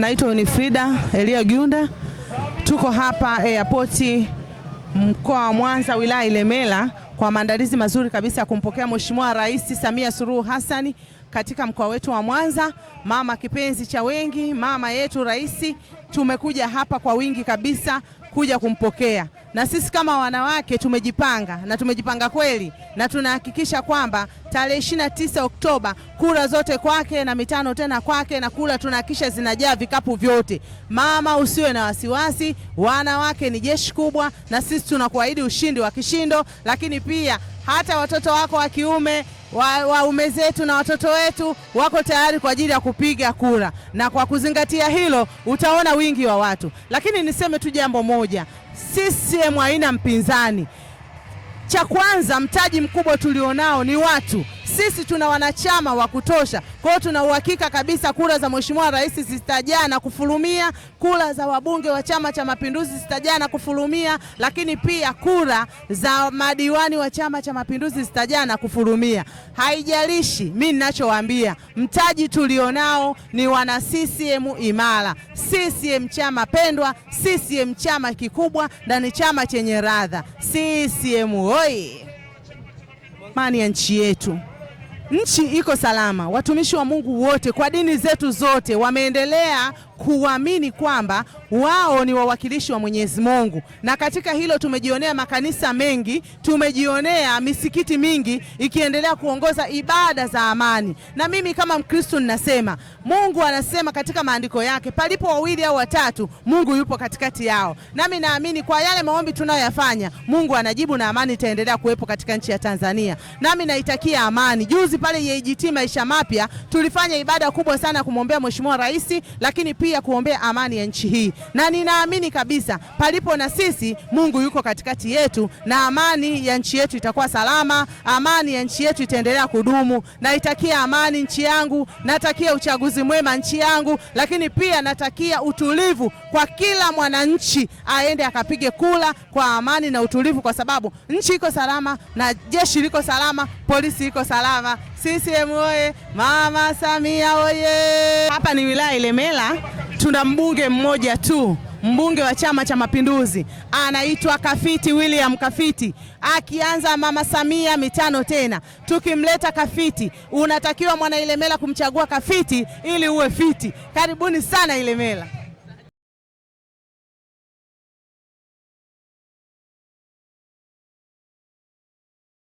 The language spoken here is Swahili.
Naitwa Winifrida Elia giunda tuko hapa airport mkoa wa Mwanza wilaya Ilemela kwa maandalizi mazuri kabisa ya kumpokea Mheshimiwa Rais Samia Suluhu Hassan katika mkoa wetu wa Mwanza. Mama kipenzi cha wengi, mama yetu rais, tumekuja hapa kwa wingi kabisa kuja kumpokea, na sisi kama wanawake tumejipanga na tumejipanga kweli, na tunahakikisha kwamba tarehe 29 Oktoba, kura zote kwake na mitano tena kwake, na kura tunahakisha zinajaa vikapu vyote. Mama, usiwe na wasiwasi, wanawake ni jeshi kubwa, na sisi tunakuahidi ushindi wa kishindo. Lakini pia hata watoto wako wa kiume waume wa zetu na watoto wetu wako tayari kwa ajili ya kupiga kura, na kwa kuzingatia hilo utaona wingi wa watu. Lakini niseme tu jambo moja, CCM haina mpinzani. Cha kwanza, mtaji mkubwa tulionao ni watu sisi tuna wanachama wa kutosha. Kwa hiyo tuna uhakika kabisa kura za Mheshimiwa Rais zitajaa na kufurumia, kura za wabunge wa Chama cha Mapinduzi zitajaa na kufurumia, lakini pia kura za madiwani wa Chama cha Mapinduzi zitajaa na kufurumia. Haijalishi, mi ninachowaambia, mtaji tulionao ni wana CCM imara, CCM chama pendwa, CCM chama kikubwa na ni chama chenye radha. CCM oi! Amani ya nchi yetu. Nchi iko salama, watumishi wa Mungu wote kwa dini zetu zote wameendelea kuamini kwamba wao ni wawakilishi wa Mwenyezi Mungu, na katika hilo tumejionea makanisa mengi, tumejionea misikiti mingi ikiendelea kuongoza ibada za amani. Na mimi kama Mkristo ninasema Mungu anasema katika maandiko yake, palipo wawili au watatu, Mungu yupo katikati yao. Nami naamini kwa yale maombi tunayoyafanya, Mungu anajibu na amani itaendelea kuwepo katika nchi ya Tanzania. Nami naitakia amani. Juzi pale JGT e Maisha Mapya tulifanya ibada kubwa sana kumwombea Mheshimiwa Rais, lakini pia kuombea amani ya nchi hii, na ninaamini kabisa palipo na sisi, Mungu yuko katikati yetu, na amani ya nchi yetu itakuwa salama, amani ya nchi yetu itaendelea kudumu. Naitakia amani nchi yangu, natakia uchaguzi mwema nchi yangu, lakini pia natakia utulivu kwa kila mwananchi, aende akapige kula kwa amani na utulivu, kwa sababu nchi iko salama na jeshi liko salama, polisi iko salama. CCM oye! Mama Samia oye! Hapa ni wilaya Ilemela, tuna mbunge mmoja tu, mbunge wa Chama cha Mapinduzi, anaitwa Kafiti William Kafiti. Akianza Mama Samia mitano tena, tukimleta Kafiti. Unatakiwa mwana Ilemela kumchagua Kafiti ili uwe fiti. Karibuni sana Ilemela.